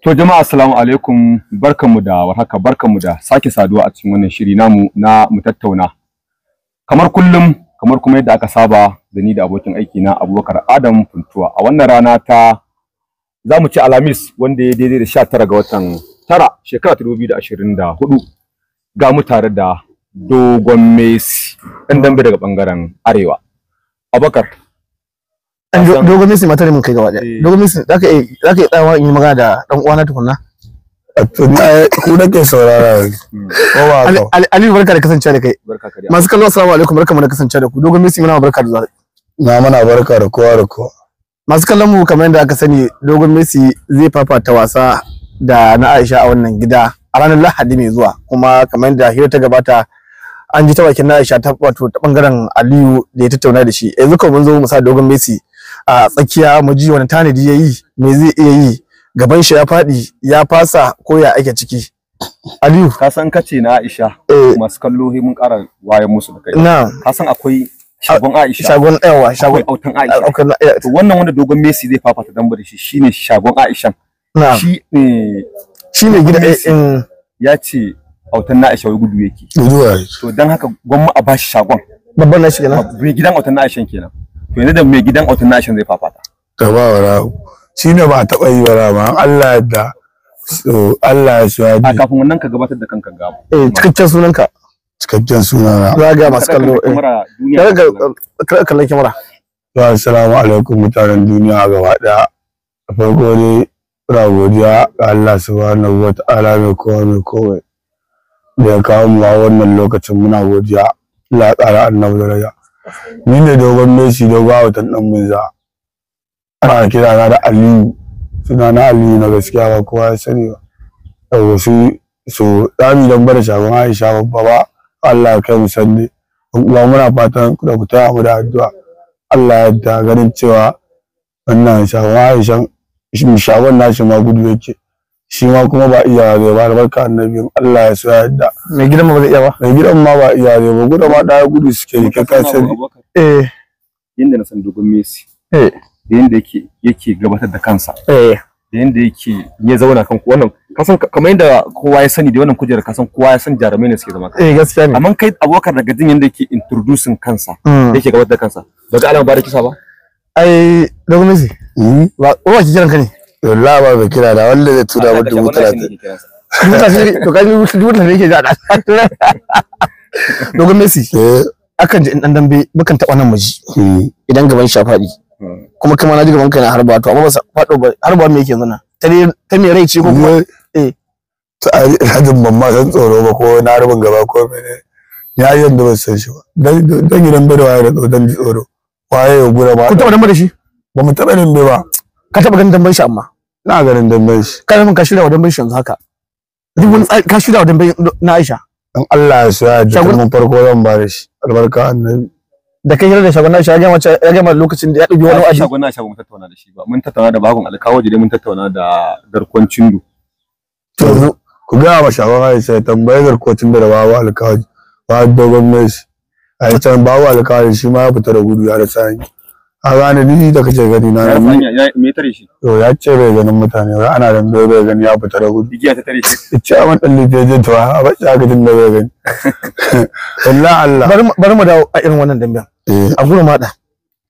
To jama'a assalamu alaikum barkamu da warhaka barkanmu da sake saduwa a cikin wannan shiri namu na mu tattauna. Kamar kullum kamar kuma yadda aka saba da ni da abokin aiki na Abubakar Adam Funtuwa a wannan rana ta za mu ci Alhamis wanda ya daidai da tara ga watan tara shekara ta hudu, ga mu tare da Dogon Messi ɗan dambe daga bangaren Arewa. Abubakar dogon misi ma ne mun kai gaba daya eh. dogon misi ka iya zaka iya tsayawa in yi magana da ɗan uwa na tukunna ku da ke saurara ko ba ka ali barka da kasance da kai masu kallo assalamu alaikum barka mu da kasancewa da ku dogon misi muna barka da zuwa na muna barka da kowa da kowa masu kallon mu kamar yadda aka sani dogon misi zai fafata wasa da na Aisha a wannan gida a ranar Lahadi mai zuwa kuma kamar yadda hira ta gabata an ji ta bakin na Aisha ta wato ta bangaren Aliyu da ya tattauna da shi yanzu ko mun zo mu sa dogon Messi a tsakiya mu ji wani tanadi ya yi me zai iya yi gaban shi ya faɗi ya fasa ko ya ake ciki Aliyu ka san kace na Aisha eh. masu kallo mun ƙara wayan musu da kai ka san akwai shagon Aisha shagon yawa shagon autan Aisha to wannan wanda dogon Messi zai fafata dan da shi shine shagon Aisha shi ne shine gida eh, ya ce autan na Aisha wai gudu yake to dan haka gwamma a bashi shagon babban na shi kenan gidan autan na Aisha kenan to yanzu da mai gidan auto nation zai fafata ta ba wara shi ne ba taɓa yi wara ma Allah yadda so Allah ya shi a kafin wannan ka gabatar da kanka ga eh cikakken sunanka cikakken sunana za ga masu kallo eh kada kallon kamera to assalamu alaikum mutanen duniya gaba daya farko dai ina godiya ga Allah subhanahu wata'ala mai kowa mai komai da ya kawo mu a wannan lokacin muna godiya Allah ya ƙara annabi daraja ni ne dogon messi dogon watan ɗan munza ana kira na da aliyu suna na aliyu na gaskiya ba kowa ya sani ba yau su so dami dan bar shagon aisha babba ba Allah kai mu sanne uwa muna fatan da ku taya mu da addu'a Allah ya yarda ganin cewa wannan shagon aisha shagon nashi ma gudu yake shi ma kuma ba iya zai ba barka annabi Allah ya so yadda mai gidan ma ba zai iya ba mai gidan ma ba iya zai ba gudu ma da gudu suke yi ka kace eh yanda na san dogon Messi eh yanda yake yake gabatar da kansa eh da yanda yake ya zauna kan wannan kasan kamar yanda kowa ya sani da wannan kujerar kasan kowa ya san jarumai ne suke zama eh gaskiya ne amma kai abokan daga jin yanda yake introducing kansa mm. yake gabatar da kansa ba ga alama ba da kisa ba ai dogon Messi ba hmm? wa kike kiran ka ne wallahi ba mai kira da, wanda zai tura wa dubu talatin dubu talatin to kaji dubu talatin yake da dogon messi eh. akan ji in dan dambe mukan taɓa nan maji, hmm. idan gaban shi faɗi hmm. kuma kuma na ji gaban kai na harba to amma ba faɗo ba harba me yake zana ta me rai ce ko kuma eh ta hadin mamma san tsoro ba ko na harbin gaba ko mene ya yi yadda ba san shi ba dan gidan bai da waye da dan tsoro waye ya gura ba ku taɓa nan ba da shi ba mu taɓa nan ba ka taba ganin damben shi amma na ganin damben shi kana mun ka shirya wa damben shi yanzu haka duk wani ka shirya wa damben na Aisha dan Allah ya sa ya ji mun farko zan bare shi albarka annabi da kai hira da shagon Aisha ya gama ya gama lokacin da ya dubi wani aji shagon Aisha mun tattauna da shi ba mun tattauna da bakon alkawaji jide mun tattauna da darkon cindo to ku ga ma shagon Aisha tambayar darkon cindo da babu alkawaji ba dogon mai shi a can babu alkawaji shi ma ya fita da gudu ya da sani a gane ni da kake gani na ya me tare shi to ya ce bai ganin mutane ba ana da bai gani ya fita da gudu igiya ta tare shi ce a wannan lijeje to a ba ta ga din da bai gani Allah Allah bari mu dawo a irin wannan dambe eh. a gurin mada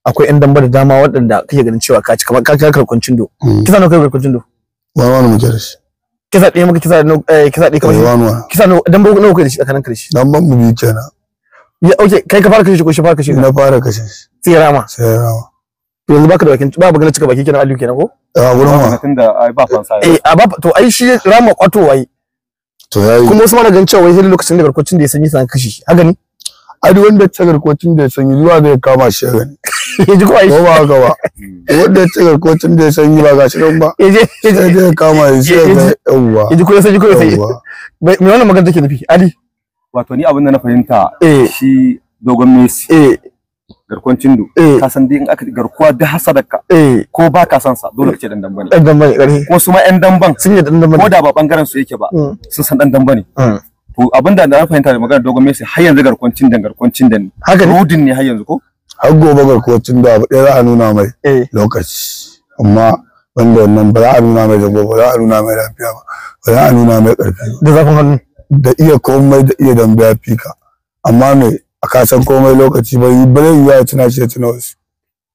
akwai yan damba da dama waɗanda kake ganin cewa ka ci kamar ka kira karkuncin do hmm. kisa nawa kai karkuncin do ba wani mu kira shi kisa ɗaya maka kisa eh, kisa ɗaya kamar eh, kisa nawa damba nawa kai da shi tsakanin karshe damban mu biyu kenan ya oke kai ka fara kashe ko shi fara kashe na fara kashe tsira ma tsira ma to yanzu baka da bakin ba magana cika baki kenan aliyu kenan ko a gurin ma tunda ai ba fansa eh a ba to ai shi rama kwato wai to yayi kuma Usman ga cewa wai lokacin da garkocin da ya sanyi san kashe haka hagani ai duk wanda ta garkocin da ya sanyi zuwa zai kama shi haka ne yaji ko ai ko ba haka ba wanda ta garkocin da ya sanyi ba shi nan ba yaji yaji kama shi haka yawa yaji ko ya sanyi ko ya sanyi me wannan magana take nufi ali wato ni abin da na fahimta eh. shi dogon Messi eh. garkon cindu eh. ka san dai in aka garkuwa da hasadarka ko ba ka san sa dole kace dan damban dan damban kare ko su ma ɗan damban sun yi dan damban ko da ba bangaren su yake ba mm. sun san dan damban ne mm. to abinda da na fahimta da magana dogon Messi har yanzu garkon cindan garkon cindan haka ne rudin ne har yanzu ko har gobe garkon cindan ba dai za a nuna mai lokaci amma wanda wannan ba za a nuna mai da ba za a nuna mai lafiya ba ba za a nuna mai ƙarfi da zafin hannu da iya komai da iya dambe ya fi ka amma me a kasan komai lokaci ba yi bare yi ya tuna shi ya tuna wasu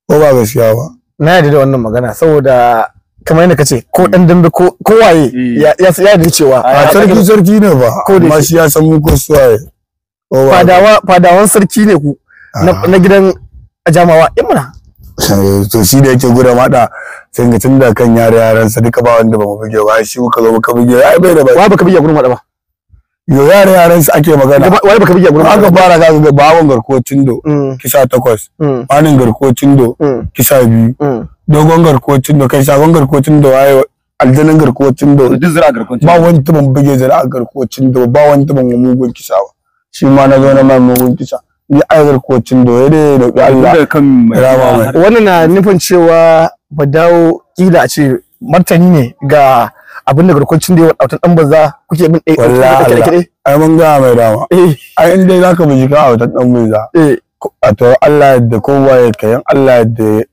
ko ba gaskiya ba na yadda da wannan magana saboda kamar yadda kace ko dan dambe ko waye mm. ya ya da cewa a sarki sarki ne ba amma shi ya san mu ko suwaye fadawa fadawan sarki ne ku na ah. gidan jamawa imana to shi da yake gura mada sai ga tunda kan yare yaran sa duka ba wanda ba mu buge ba shi muka zo muka buge ai bai da ba ba ka buge gurin mada ba yo yare yaran su ake magana wai baka bige gurin aka fara ga ga bawon garkocin do mm. kisa takwas Wani mm. garkocin do mm. kisa biyu dogon garkocin do kai shagon garkocin do. ai aljanin garkuwar cindo duk zira garkuwar cindo ba wani tuban bige zira garkuwar cindo ba wani tuban mugun kisa ba shi ma na zo na mai mugun kisa ni ai garkocin do. ya dai da Allah wannan na nufin cewa ba dawo kila a ce martani ne ga abin da garkwancin da yawan autan ɗan banza kuke min ɗaya eh, wallahi Allah ai mun ga mai dama eh. ai in dai zaka bi ka autan dan banza eh. a to Allah yadda kowa ya kayan Allah yadda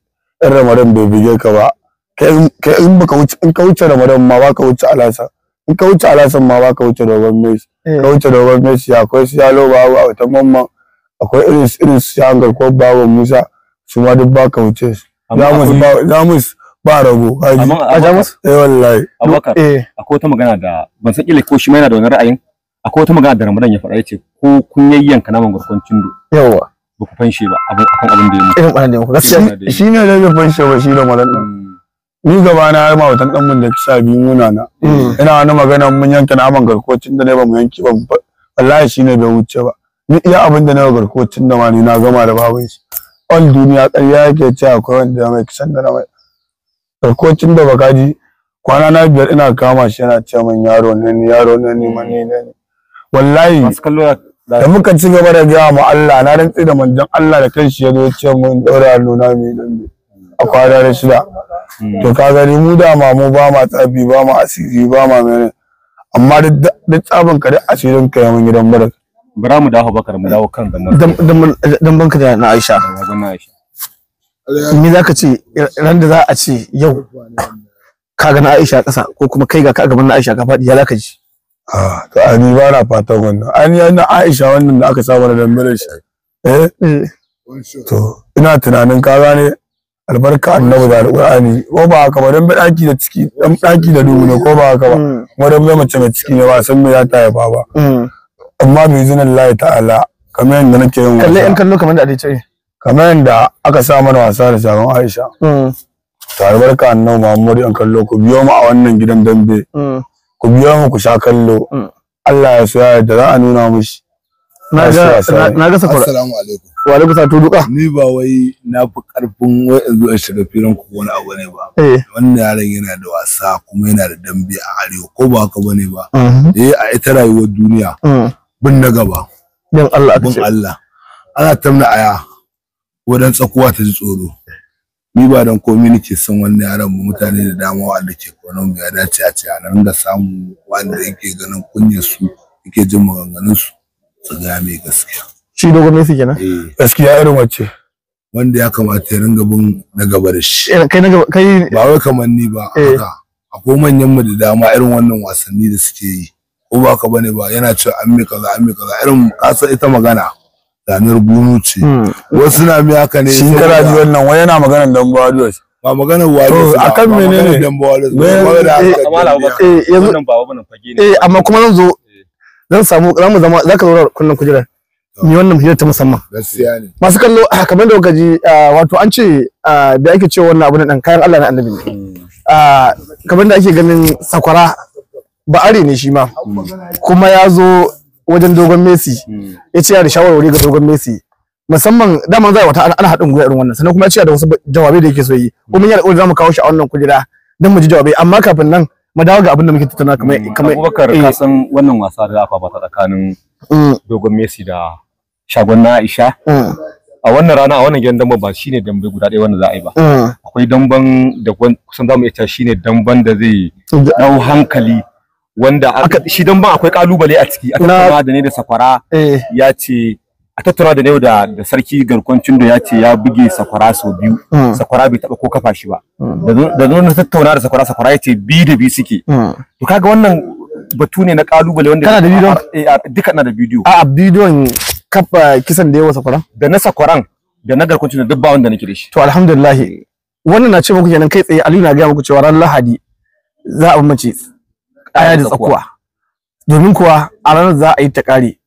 in ramadan bai bige ka ba kai in baka wuce in ka wuce ramadan ma baka wuce alasan, in ka wuce alasan ma baka wuce dogon mes ka wuce dogon mes ya akwai su yalo babu a wata mamman, akwai irin irin su hangar ko babu musa su ma duk baka wuce su za mu ba rago kaji a ja musu eh wallahi abakar eh akwai wata magana da ban san kila ko shi yana da wani ra'ayin akwai wata magana da Ramadan ya faɗa yace ko kun yayyanka naman gurkon cindo yawa ba ku fanshi ba abin akan abin da ya mutu irin ɓarin da gaskiya shi ne da bai fanshe ba shi da din hmm. ni gaba na yi mawatan dan mun da sha biyu muna na hmm. ina wani magana mun yanka naman garkocin da ne ba mu yanki ba wallahi shi ne bai wuce ba ni iya abin da na garkocin da ma ni na gama da babu shi all duniya ƙarya yake ce akwai wanda ya mai kisan da na mai ɗaukocin da baka ji kwana na biyar ina kama shi yana ce min yaro ne ni yaro ne ni mani ne ni wallahi da muka ci gaba da gaya ma Allah na rantsi da manjan Allah da kanshi ya zo ce mun daura nuna na mi ne. a kwana da shida hmm. to ka gani mu da ma mu ba ma tsafi ba ma asiri ba ma mene amma duk tsabin ka da asirin ka yawan gidan bara bara mu dawo bakar mu dawo kan dan banka da na Aisha me za ka ce ran da za a ce yau ka ga na Aisha ƙasa ko kuma kai ga ka gaban na Aisha ka faɗi ya za ka ji a to a ni ba na fatan wannan an yi na Aisha wannan da aka samu da dambe shi eh? eh to ina tunanin ka gane albarka annabi da alqur'ani ko ba haka ba dan daki da ciki dan daki da dubu ne ko ba haka ba mm. kuma ba mace mai ciki ne ba san me ya ta ba ba mm. amma bi zinallahi Allah ta'ala kamar yadda nake yin wannan kalle in kallo kamar da adai ce kamar yadda aka sa mana wasa da shagon aisha mm. tare barka annabi muhammad yan kallo ku biyo mu a wannan gidan dambe mm. ku biyo mu ku sha kallo mm. allah ya soya da za a nuna mushi na ga sakwara assalamu alaikum wa alaikum sa duka ni ba wai na fi karfin wai in zo in shiga filin ku wani abu ne ba eh. wannan yaron yana da wasa kuma yana da dambe a arewa ko ba haka bane ba mm-hmm. eh a ita rayuwar duniya bin na gaba Allah bin Allah ana tamna aya wurin tsakuwa ta ji tsoro ni ba dan komai nake son wannan yaran mu mutane da dama wa Allah ke mu ya dace a ce a ringa samu wanda yake ganin kunyar su yake jin maganganun su su ga mai gaskiya shi ne Messi kenan eh. gaskiya irin wacce wanda ya kamata ya ringa bin na gaba da shi eh, kai na gaba kai ba wai kamar ni ba haka eh. akwai manyan mu da dama irin wannan wasanni da suke yi ko ba ka bane ba yana cewa an mi kaza an mi kaza irin kasa ita magana zanar gunu ce hmm. wasu na mi haka ne shi kana ji wannan wai yana maganar dan gwado ba maganar wajo ba akan menene dan eh, eh, gwado eh amma kuma zan zo eh. zan samu zamu zama zaka zo kunnan kujira ni wannan kujira ta musamman gaskiya ne masu kallo ah, kamar da gaji ah, wato an ce ah, da ake cewa wannan abu na dan kayan Allah na annabi ne hmm. kamar da ake ganin sakwara ba are ne shi ma hmm. kuma ya zo wajen dogon Messi hmm. ya ce da shawarwari ga dogon Messi musamman daman zai wata ana haɗin gwiwa irin wannan sannan kuma ya ce da wasu jawabai da yake so yi kuma yana da zamu kawo shi a wannan kujera dan mu ji jawabai amma kafin nan mu dawo ga abin da muke tattauna kamar hmm. kamar Abubakar ka eh. san wannan wasa da ba ta tsakanin hmm. dogon Messi da shagon na Aisha a wannan rana a wannan gidan dambe ba shine dambe guda ɗaya wanda za a yi ba akwai damban da kusan zamu iya cewa shine damban da zai dau hankali wanda aka shi dan ba akwai kalubale a ciki aka tura da ne da sakwara eh. ya ce a tura da ne da da sarki garkon cindo ya ce ya buge sakwara sau biyu hmm. sakwara bai taba ko kafa shi ba hmm. da zo na tattauna da sakwara sakwara ya ce bi da bi suke hmm. to kaga wannan batu ne na kalubale wanda kana da bidiyo eh, duka na da bidiyo a bidiyon kafa kisan da yawa sakwara da na sakwaran da na garkon da duk ba wanda nake da shi to alhamdulillah wannan na ce muku kenan kai tsaye Aliyu na ga muku cewa ran Lahadi za a mace aya da tsakuwa domin kuwa a ranar za a yi ta kare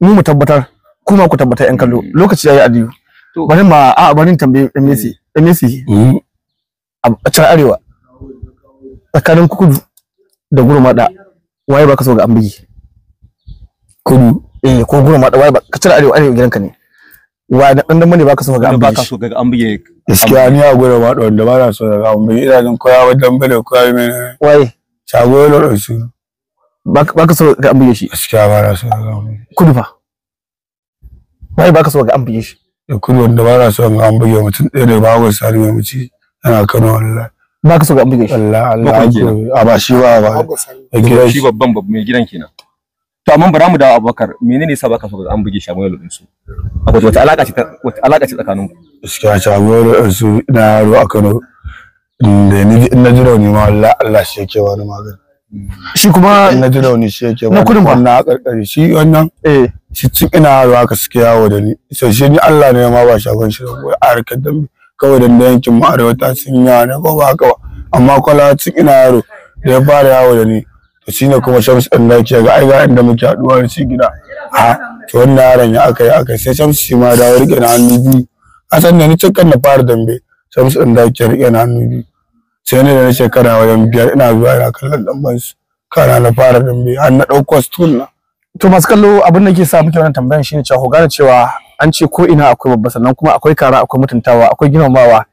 mu mu tabbatar kuma ku tabbatar yan kallo mm. lokaci yayi adiyu bari ma mm. mm. a bari tambaye MC Messi a can arewa tsakanin kudu da mada waye baka so ga ambigi kudu eh ko mada waye baka can arewa arewa gidanka ne wa da dan dambe baka so ga ambigi baka so ga ambigi gaskiya ni a gure mada wanda ba na so ga ambigi ina jin koyawa dambe da koyawa mai waye shago ya lura su ba ka so ga an buge shi gaskiya ba na so ga an buge kudu fa bai ba ka so ga an buge shi da kudu wanda ba na so ga an buge mutum ɗaya ne da bagon sari mai muci yana Kano wallahi ba ka so ga an buge shi Allah, Allah a ba shi ba ba shi babban babban mai gidan kenan to amma bara mu da Abubakar menene yasa baka so ga an buge shi a mai lulun akwai wata alaƙa ce wata alaka ce tsakanin ku gaskiya ta mai lulun ina yaro a Kano da na jira rauni ma Allah Allah shi yake wani magani shi kuma na jira rauni shi yake wani kudin na karkare shi wannan eh shi cin ina yaro aka suke yawo da ni sai shi ni Allah ne ma ba shagon shi a harkar dambe kawai dan yankin mu arewa ta sun yi ne ko ba haka ba amma kwala tun ina yaro da ya fara yawo da ni to shi ne kuma shamsu ɗan da ga ai ga inda muke haɗuwa da shi gida a to wannan yaron ya aka yi aka sai shamsu shi ma ya riƙe na hannu biyu a san da ni cikin na fara dambe shamsu ɗin daki ya riƙe na hannu biyu sai ne da na shekara wajen biyar ina zuwa ina kallon ɗan kana na fara dambe an na ɗauko stool na. to masu kallo abin da ke sa muke wannan tambayan shine cewa ko gane cewa an ce ko ina akwai babba sannan kuma akwai kara akwai mutuntawa akwai girmamawa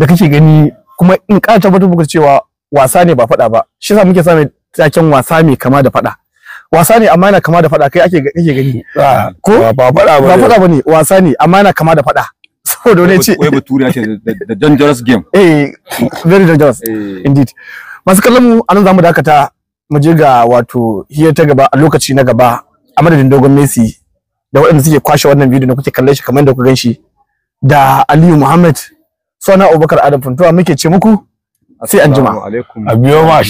da kake gani kuma in ƙara tabbatar muku cewa wasa ne ba faɗa ba shi yasa muke samun taken wasa mai kama da faɗa wasa ne amma yana kama da faɗa kai ake kake gani ko ba faɗa ba ne wasa ne amma yana kama da faɗa ko da ce wai ce dangerous game eh very dangerous eh. indeed masu kallon mu anan zamu dakata mu je ga wato hiyar ta gaba a lokaci na gaba a madadin dogon Messi da waɗanda suke kwashe wannan bidiyo da kuke kalle shi kamar yadda ku gan shi da Aliyu Muhammad suna Abubakar Adam Funtuwa muke ce muku sai anjima a biyo ma